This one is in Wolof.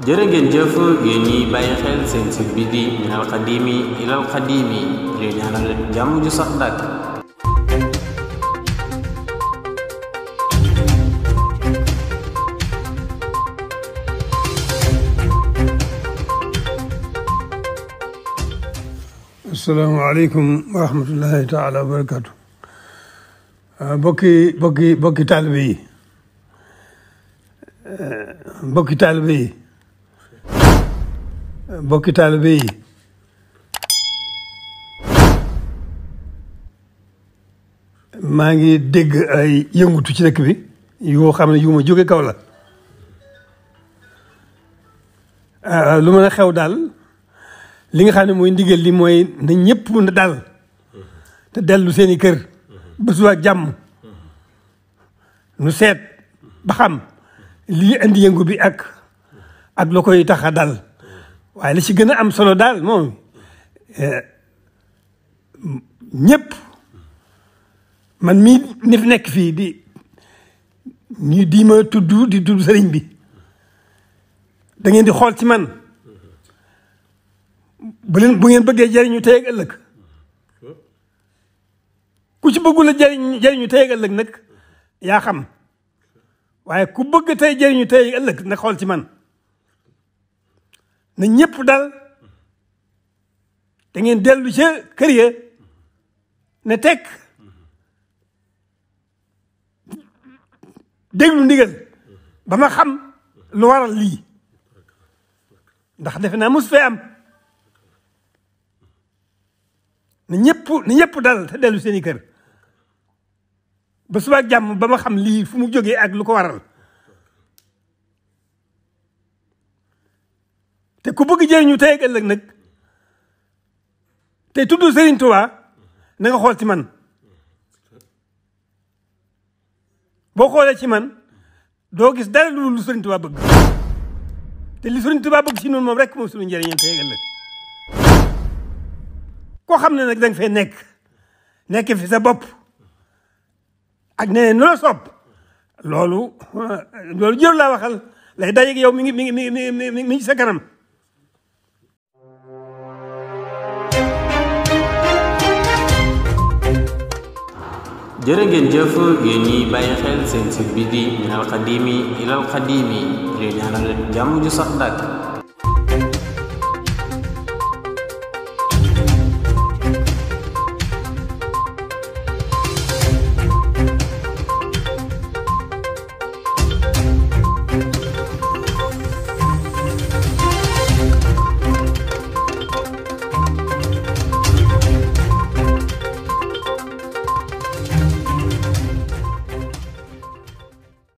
جرنجن جف يني باين خيل سين من القديم الى القديم لي نانا جامو السلام عليكم ورحمة الله تعالى وبركاته بوكي بكي بكي طالبي بكي طالبي bokki taalibe yi maa ngi dégg ay yëngutu ci dëkk bi yoo xam ne yu jóge kaw la ah, lu mën a xew daal li nga xam ne mooy ndigal li mooy na ñëpp na dal te dellu seeni kër ba suba jàmm nu seet ba xam lii indi yëngu bi ak ak la koy tax a dal waaye la ci gën a am solo daal moom eh, ñëpp man mii fi nekk fii di ñu di ma di tudd sëriñ bi dangeen di xool ci man bu leen bu ngeen bëggee jariñu tey ëllëg ku ci bëggula jariñ jariñu tey ëllëg nag yaa xam waaye ku bëgg tey jariñu tey ak ëllëg nag xool ci man na ñëpp dal da ngeen dellu ca kër ya ne tekk déglu ndigal ba ma xam lu waral lii ndax defe naa mos fee am na ñëpp na ñëpp dal te dellu seeni kër ba suba jàmm ba ma xam lii fu mu jógee ak lu ko waral te ku bëgg jëriñu te ak ëllëg nag te tudd Serigne Touba na nga xool ci man boo xoolee ci man doo gis dara lu lu Serigne Touba bëgg te li Serigne Touba bëgg ci noonu moom rek moom suñu njëriñam tey ak ëllëg koo xam ne nag danga fee nekk nekk fi sa bopp a ne nu la sopp loolu loolu jëru laa waxal lay dajeeg yow mi ngi mi ngi mi ngi mi ngi mi sa kanam jërë ngeen jëf yéen ñiy bàyyi xel seen site bi di minal xadimi ilal xadimi ñu ñaanal jàmm ju sax dàkk